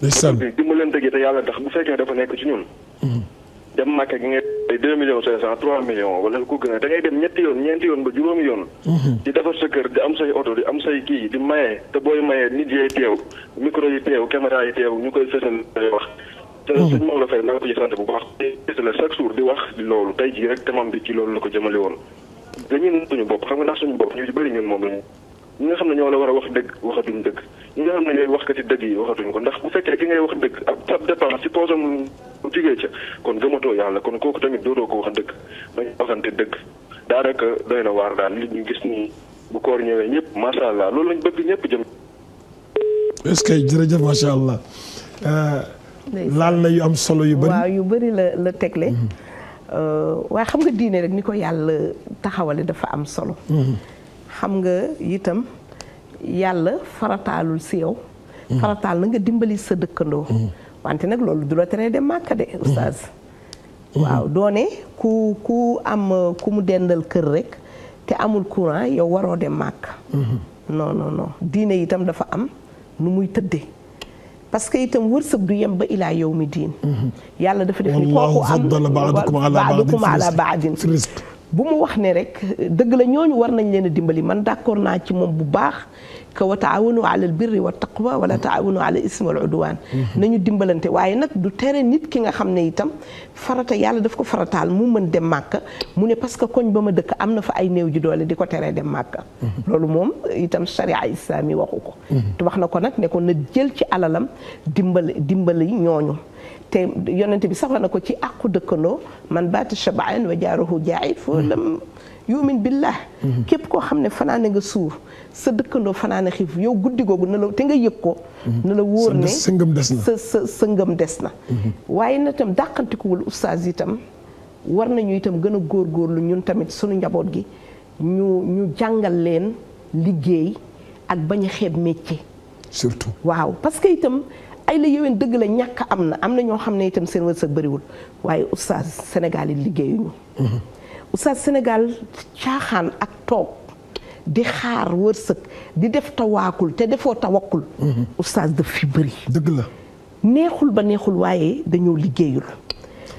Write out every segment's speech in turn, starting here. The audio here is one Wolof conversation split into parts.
ndeysaan bi dimbalante gi te yàlla tax bu fekkee dafa nekk ci ñun. Mm-hmm. dem màkk gi ngay ay deux millions cinq cent trois millions wala ku gën a da ngay dem ñetti yoon ñeenti yoon ba juróomi yoon. Mm-hmm. di defar sa kër di am say oto di am say kii di maye te booy maye nit yi teew micro yi teew caméra yi teew ñu koy fësal wax. Mm-hmm. te sëñ Maodo Faye maa ngi ko ci bu baax te la chaque jour di wax loolu tey jii rek tamam bi ci loolu lu ko jëmale woon. dañuy nax suñu bopp xam nga ndax suñu bopp ñu ci bëri ñun moom ñi nga xam ne ñoo war a wax dëgg waxatuñ dëgg. ñi nga xam ne léegi wax ko ci dëgg yi waxatuñ ko ndax bu fekkee ki ngay wax dëgg ab ab dépense ci poosam jigéen ca kon gëmatoo yàlla kon kooku tamit doodoo ko wax dëgg dañu waxante dëgg daanaka doy na waar daal li ñu gis nii bu koor ñëwee ñëpp macha allah loolu lañ bëgg ñëpp jëm. jërëjëf macha allah. laal na yu am solo yu bëri. yu bëri la la tegle. Mhm. Euh, waaye xam nga diine rek ni ko yàlla taxawale dafa am solo. Mhm. xam nga itam. yàlla farataalul si yow. farataal na nga dimbali sa dëkkandoo. wante nag loolu du la tere dem màkka de oustaz. waaw doone ku ku am ku mu dendal kër rek te amul courant yow waroo de màkka. non non diine itam dafa am nu muy tëddee. parce que itam wërsëg du yem ba ilaa yow mi diin. Mm-hmm. yàlla dafa def ni kooku am wallaahu faddala ba'dakum ala bu mu wax ne rek dëgg la ñooñu war nañ leen a dimbali man d'accord naa ci moom bu baax que wa taawanu ala al birri wa taqwa wala taawanu ala ismi wal udwan mm-hmm. nañu dimbalante waaye nag du tere nit ki nga xam ne itam farata yàlla daf ko farataal mu mën dem màkka mu ne parce que koñ ba ma dëkk am na fa ay néew ji doole di ko teree dem màkka mm-hmm. loolu moom itam charia islami waxu ko te wax na ko nag ne ko na jël ci alalam dimbal dimbali ñooñu te yonent bi sax na ko ci akku dëkkandoo man baati shabaan wa jaaruhu jaayit foo lam yumin billah mhm. képp koo xam ne fanaane nga suur sa dëkkandoo fanaane xiif yow guddi googu na la te nga yëg ko mhm. na la wóor ne sa ngëm des na sa sa ngëm des na mhm. waaye na tam dàqantikuwul ustaas itam war nañu itam gën a lu ñun tamit suñu njaboot gi ñu ñu jàngal leen liggéey ak bañ a xeeb métier. surtout waaw parce que itam ay la yéwén dëgg la ñàkk am na am na ñoo xam ne itam seen wërsëg bëriwul waaye oustaz Sénégal yi liggéeyuñu. Mhm. oustaz Sénégal caaxaan ak toog di xaar wërsëg di def tawaakul te defoo tawakkul. Mhm. oustaz daf fi bëri. dëgg la neexul ba neexul waaye dañoo liggéeyul.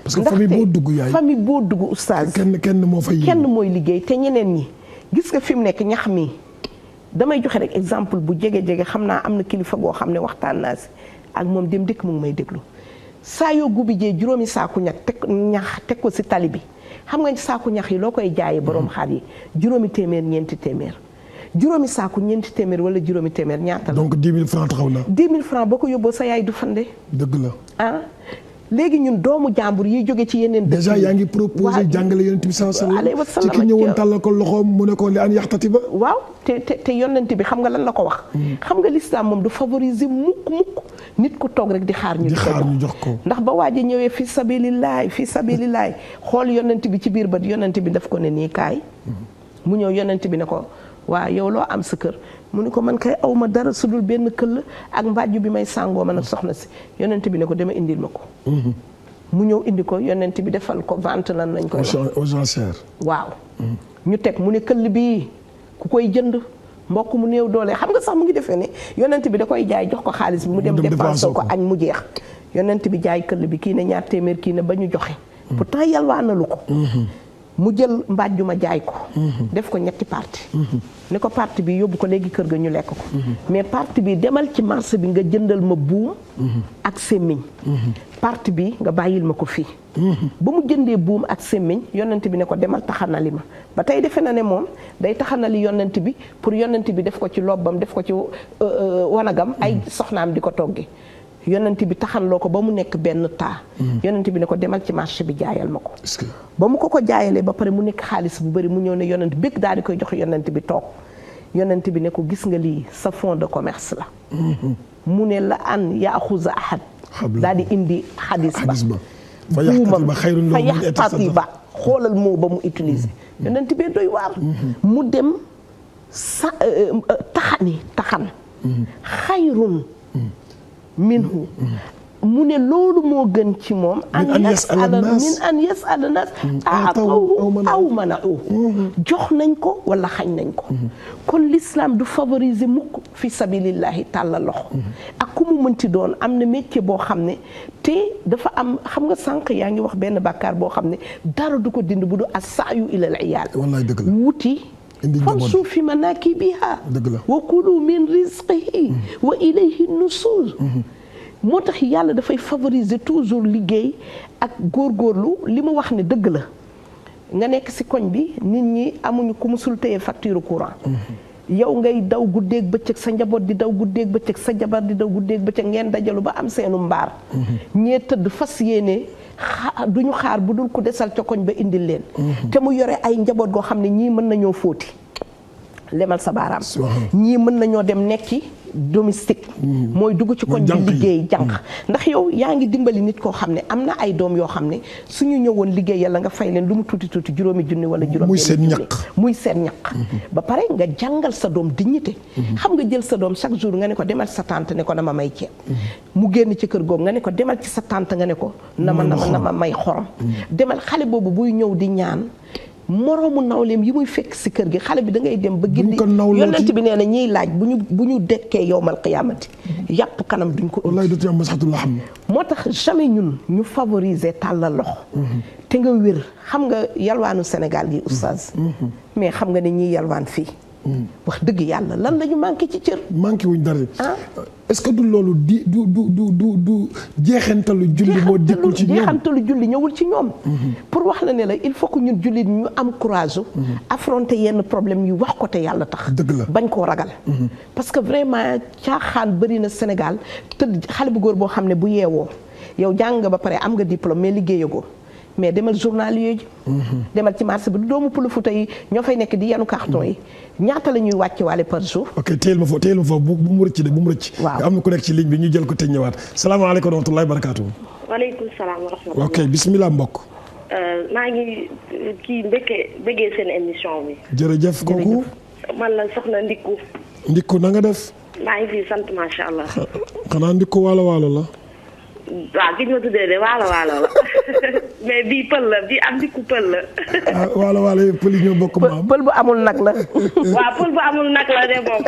parce que famille boo dugg yaay boo dugg oustaz. kenn kenn moo fay mooy liggéey te ñeneen ñi gis nga fi mu nekk ñax mi. damay joxe rek exemple bu jege jege xam naa am na kilifa goo xam ne waxtaan naa si ak moom dem dëkk mu ngi may déglu saa yoo bi jee juróomi saaku ñax teg ñax teg ko si tali bi xam nga saaku ñax yi loo koy jaayee borom mm-hmm. xar yi juróomi téeméer ñeenti téeméer. juróomi saaku ñeenti téeméer wala juróomi téeméer ñaata la. donc 10 000 francs taxaw na. 10 000 francs boo ko yóbboo sa yaay du fande. dëgg la ah. léegi ñun doomu jàmbur yi jóge ci yeneen. dèjà yaa ngi proposé jàngale yonent bi sallallahu alayhi wa sallam ci ki ñëwoon tàllal ko loxoom mu ne ko li an yaxtati ba. waaw te te te yonent bi xam nga lan la ko wax. Hmm. xam nga l'islam moom du favoriser mukk mukk nit ku toog rek di xaar ñu. di xaar jox ko ndax ba waa ji ñëwee fii sabilillahi fi sabilillahi xool yonent bi ci biir bët yonent bi def ko ne nii kaay. Hmm. mu ñëw yonent bi ne ko waa yow loo am sa kër mu ne ko man kay aw ma dara sudul benn këll ak mbàjju bi may sàngoo man ak soxna si yonent bi ne ko deme indil ma ko mhm. mu ñëw indi ko yonent bi defal ko vente lan lañ koy aux enchères waaw mhm. ñu teg mu ne këll bi ku koy jënd mbokk mu néew doole xam nga sax mu ngi defee ni yonent bi da koy jaay jox ko xaalis bi mu dem dépense ko añ mu jeex yonent bi jaay këll bi kii ne ñaar téeméer kii ne ba ñu joxe mhm. pourtant yalwaanalu ko mu jël mbaaj ma jaay ko. Mhm. def ko ñetti parti mhm. ne ko parti bi yóbbu ko léegi kër ga ñu lekk ko. Mhm. mais parti bi demal ci marché bi nga jëndal ma buum. ak sémmiñ. parti bi nga bàyyil ma ko fii. ba mu jëndee buum ak sémmiñ yonent bi ne ko demal taxanali ma ba tey defe na ne moom day taxanali yonent bi pour yonent bi def ko ci lobbam def ko ci euh, euh, wanagam ay soxnaam di ko toggee. yonent bi taxan loo ko ba mu nekk benn taa. Hmm. yonent bi ne ko demal ci marché bi jaayal ma ko. ba mu ko ko jaayalee ba pare mu nekk xaalis bu bari mu ñëw ne yonent bëgg daal di koy jox yonent bi toog yonent bi ne ko gis nga lii sa fond de commerce la. Hmm. mu ne la an yaaxuza ahad. daal di indi xadis ba. fa yaxtati ba xoolal moo ba mu utiliser. Hmm. yonent bee doy waar. mu dem sa euh, euh, taxani taxan. xayrun. minhu mu ne loolu moo gën ci moom an yasala min an yasala nas aatawhu aw mm-hmm. jox nañ ko wala xañ nañ ko mm-hmm. kon l'islam du favoriser mukk fi sabilillahi tàlla loxo mm-hmm. ak ku mu mënti doon am na métier boo xam ne te dafa am xam nga sànq yaa ngi wax benn bàkkaar boo xam ne dara du ko dind bu du as saayu ilal iyaal wuti fansu fi manakibiha wa kulu min rizqihi mm-hmm. wa ilayhi nusur mm-hmm. moo tax yàlla dafay favoriser toujours liggéey ak góor góorlu li mu wax ne dëgg la nga nekk ci koñ bi nit ñi amuñu ku musul téye facture courant mm-hmm. yow ngay daw guddeeg bëccëg sa njaboot di daw guddeeg bëccëg sa jabar di daw guddeeg bëccëg ngeen dajalu ba am seenu mbaar ñee tëdd fas yéene du ñu xaar bu dul ku desal ca ba indil leen. te mu yore ay njaboot goo xam ne ñii mën nañoo fóoti. lemal sa ñii mën nañoo dem nekki. domestique mm. mooy dugg ci koñ bi liggéey jànq mm. ndax yow yaa ngi dimbali nit koo xam ne am na ay doom yoo xam ne suñu ñëwoon liggéey yàlla nga fay leen lu mu tuuti tuuti juróomi junni wala juróomi muy seen ñaq muy seen ñaq mm-hmm. ba pare nga jàngal sa doom di dignité mm-hmm. xam nga jël sa doom chaque jour nga ne ko demal sa tante ne ko na ma may ceeb mm-hmm. mu génn ci kër googu nga ne ko demal ci sa tante nga ne ko na ma na ma na ma may xorom demal xale boobu buy ñëw di ñaan moroomu nawleem yi muy fekk si kër gi xale bi da ngay dem ba gindi yonent bi nee na ñiy laaj bu ñu bu ñu dekkee yowmal qiyaamati yàpp kanam duñ ko wallaay dootu am masaxatul xam moo tax jamais ñun ñu favoriser tàllal loxo mm-hmm. te nga wér xam nga yalwaanu senegal gi oustaz mm-hmm. mais xam nga ne ñiy yalwaan fii mm-hmm. wax dëgg yàlla lan la ñu manqué ci cër manqué wuñ dara ah. est-ce que du loolu di du du du du du jeexantalu julli moo dikkul ci ñoom jeexantalu julli ñëwul ci ñoom mhm. pour wax la ne la il faut que ñun jullit ñu am courage mhm. affronter yenn problème yu wax ko te yàlla tax dëgg la bañ koo ragal mhm. parce que vraiment caaxaan bëri na Sénégal te xale bu góor boo xam ne bu yeewoo yow jàng ba pare am nga diplôme mais liggéeyagoo mais demal journal yooyu. Mhm. demal ci marché bi du doomu pël Fuuta yi ñoo fay nekk di yanu carton yi. ñaata la ñuy wàcce waale par jour. ok téyel ma foofu téyel ma foofu bu bu mu rëcc de bu mu rëcc. waaw am na ku nekk ci ligne bi ñu jël ko te ñëwaat salaamaaleykum wa rahmatulaahi barakaatu. waaleykum salaam wa rahmatulah. ok bisimilah mbokk. Euh, maa ngi euh, kii mbékkee bëggee seen émission bi. jërëjëf kooku. man la soxna Ndikku. Ndikku na nga def. maa ngi fi sant macha allah. xanaa Ndikku waalo waalo la. waaw gi ñu tuddee de waalo waalo la mais bii pël la bii am dikku pël la. ah waalo waalo yëpp pël yi ñoo bokk maam. pël bu amul nag la. waaw pël bu amul nag la de moom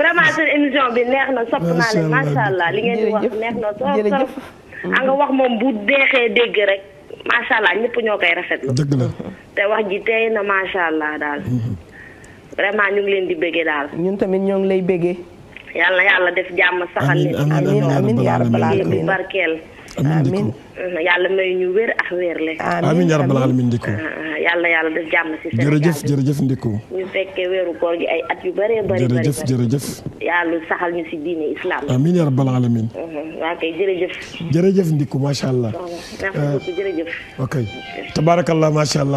vraiment seen émission bi neex na sopp naa leen macha allah li ngeen di wax neex na trop trop. a ah, nga wax moom bu deexee dégg rek macha allah ñëpp ñoo koy rafetlu. dëgg la te wax ji tey na macha allah daal. Mm-hmm. vraiment ñu ngi leen di bëggee daal. ñun tamit ñoo ngi lay bëggee. yàlla yàlla def jàmm saxal leen amiin amiin yaa rabbal aalamiin ah, ah, jërëjëf jërëjëf ñu fekkee wéeru koor gi ay at yu bëree bëri jërëjëf jërëjëf yàlla saxal ñu si diine islam amiin yaa rabbal aalamiin ah, jërëjëf jërëjëf Ndickou macha allah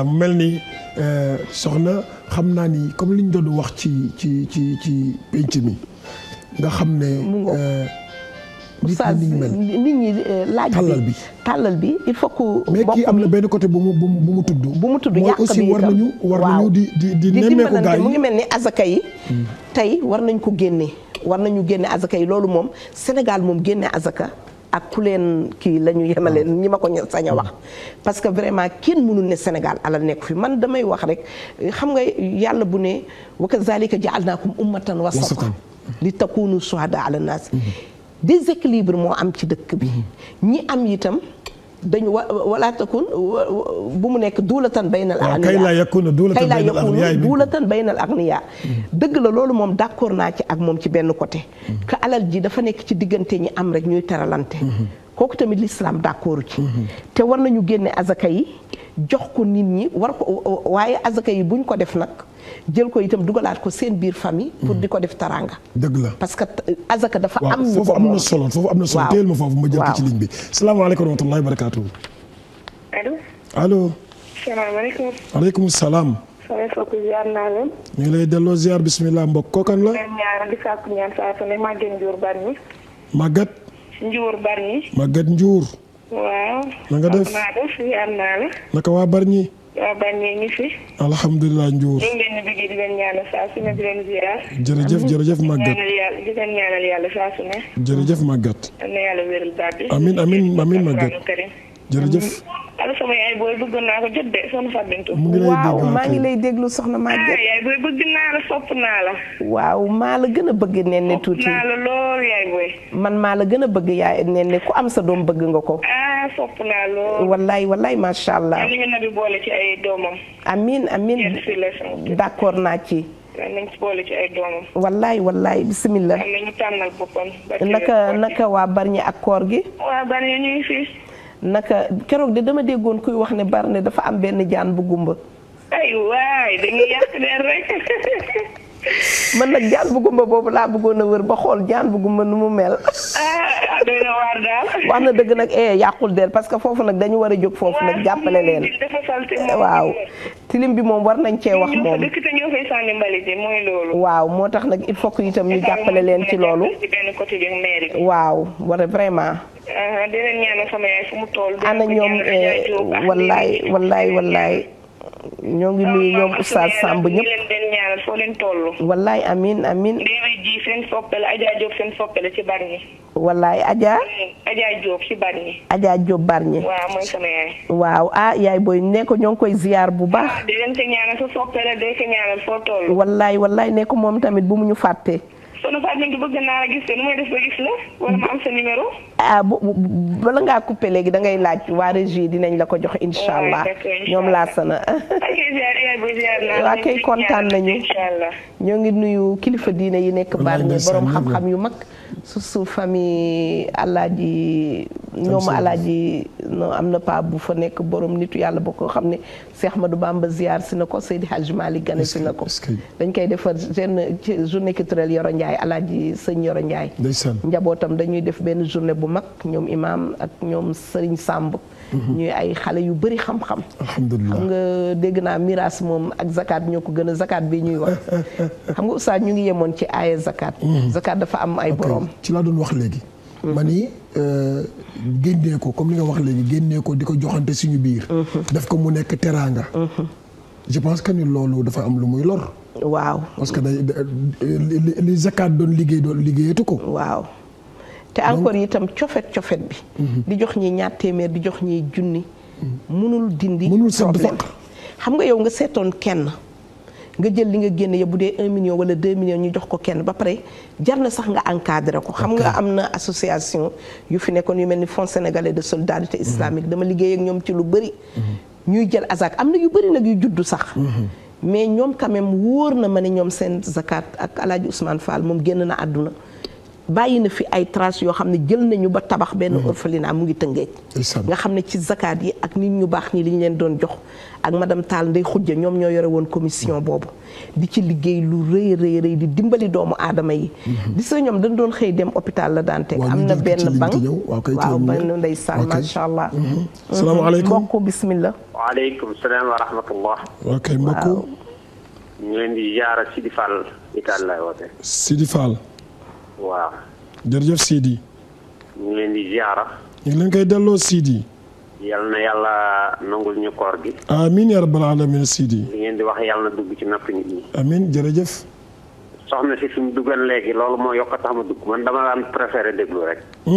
euh, mel ni euh, soxna xam naa ni comme li ñu doon wax ci ci ci ci penc nga xam ne. Euh, nit ñi euh, laaj bi tàllal bi tàllal bi il faut am na benn côté bu mu tudd. bu mu tudd yàq bi aussi war nañu war nañu di di di mu ngi mel ni azaka yi. Hmm. tey war nañ ko génne. war nañu génne azaka yi loolu moom Sénégal moom génne azaka ak ku leen kii la ñu yemale hmm. ñi ma ko sañ a wax. Hmm. parce que vraiment kenn mënul ne Sénégal alal nekk fi man damay wax rek xam nga yàlla bu ne wa kazalika ja'alnaakum ummatan wasatan li takunu suhada ala nas déséquilibre moo am ci dëkk bi ñi am itam dañu wa wala takun bu mu nekk duulatan baynal agniya kay laa yakunu duulatan baynal agniya dëgg la loolu moom d'accord naa ci ak moom ci benn côté que alal ji dafa nekk ci diggante ñi am rek ñuy teralante kooku tamit l'islam d'accord ci te war nañu génne azaka yi jox ko nit ñi war waaye azaka yi buñ ko def nag jël ko itam dugalaat ko seen biir famille. pour di ko def taranga. dëgg la parce que azaka dafa am. foofu am na solo foofu am na solo téyel ma foofu ma jël ko ci bi. salaamaaleykum wa rahmatullaahi wa barakaatu. allo. allo. salaamaaleykum. salaam. salaam foofu ziar naa waaw. na def naka waa Bargny. waaw ban ñu ngi fi. alhamdulilah Ndiour. ñu jërëjëf jërëjëf Maguette jërëjëf. jot de soxna Fatou Bintou. waaw maa ngi lay déglu soxna ah, Maguette. yaay la waaw maa la gën a bëgg nen tuuti. man maa la gën a bëgg yaay nen ne am sa doom bëgg nga ko. ah sopp naa allah. yàlla naa ci. ci ay doomam. wallaay wallaay bisimilah. am nañu waa Bargny ak koor gi. waa Bargny ñu ngi fi. naka keroog de dama déggoon kuy wax ne Bargny dafa am benn jaan bu gumba. man nag jaan bu gumba boobu laa bëggoon a wër ba xool jaan bu gumba nu mu mel. Ah, wax na dëgg nag eh yàqul der parce que foofu nag dañu war a jóg foofu nag jàppale leen. waaw tilim bi moom war nañ cee wax moom. waaw moo tax nag il faut que itam ñu jàppale leen ci loolu. waaw war a vraiment. Eh, di leen ñaanal sama ana ñoom eh, wallaay wallaay wallaay. ñoo ngi nuyu ñoom Oustaz Samb ñëpp leen den ñaanal foo leen toll. wallaay amiin seen soppe la Adja seen soppe ci Bargny. wallaay Adja. Mm, Adja Diop ci waaw ah yaay booy ne ko koy ziar bu baax. di leen ko ñaanal foo toll. wallaay wallaay ne moom tamit bu mu ñu fàtte. soxna Fatou ba am sa numéro. Ah, léegi da ngay laaj waa dinañ la ko jox incha allah ñoom laa sana. kontaan nañu ngi nuyu kilifa diine yi nekk baar ñi borom xam yu mag. suuf suuf famille alaaji am na pa bu fa nekk borom nitu yàlla boo ko xam ne Cheikh Ahmadou Bamba ziar si na ko Seydi Hadj Malick gane si na ko dañ koy defar seen journée culturelle Yoro Ndiaye alaaji sëñ Yoro Ndiaye njabootam dañuy def benn journée bu mag ñoom imaam ak ñoom sëriñ Sàmb mhm. ñuy ay xale yu bëri xam-xam alhamdulilah xam nga dégg naa miraas moom ak zakat ñoo ko gën a bi ñuy wax xam nga oustaz ñu ngi yemoon ci aaye zakat mhm. zakat dafa am ay borom ci laa doon wax léegi mhm. ma ni euh, génnee ko comme li nga wax léegi génnee ko di ko joxante suñu biir daf ko mu nekk teraanga je pense que ni loolu dafa am lu muy lor waaw parce que li li zakat doon liggéey doon liggéeyatu ko. waaw te encore itam cofet cofet bi. Mhm. di jox ñi ñaar téeméer di jox ñi junni. mënul mhm. dindi. mënul sedd faq xam nga yow nga seetoon kenn. nga jël li nga génn ya bu dee un million wala deux millions ñu jox ko kenn ba pare jar na sax nga encadré ko xam nga am na association yu fi nekkoon yu mel ni Fonds sénégalais de solidarité mhm. islamique dama liggéey ak ñoom ci lu bëri ñuy jël azak am na yu bëri nag yu juddu sax mais ñoom quand même wóor na ma ne ñoom seen zakat ak El Hadj Ousmane Fall moom génn na àdduna bàyyi na fi ay traces yoo xam ne jël nañu ba tabax benn mm-hmm. orphelinat mu ngi tëngeej nga xam ne ci zakat yi ak nit ñu baax ñi li ñu leen doon jox ak madame taal Ndeye Khoudia ñoom ñoo yore woon commission mm-hmm. boobu di ci liggéey lu rëy rëy di dimbali doomu aadama yi di mm-hmm. sa ñoom dañ doon xëy dem hôpital la daan teg am na benn bank waaw ba ndeysaan macha allah salaamaaleykum mbokk bismillah waaleykum salaam wa rahmatullah ok mbokk yaara Sidi Fall waaw. jërëjëf Sidi. ñu leen di ziara. ñu ngi leen koy delloo Sidi. yal na yàlla nangul ñu koor gi. amiin yaa rabbal aalamiin Sidi. li ngeen di wax yàlla na dugg ci napp nit ñi. amiin jërëjëf. soxna si fi mu duggoon léegi loolu moo yokk a ma dugg man dama daan préféré déglu rek.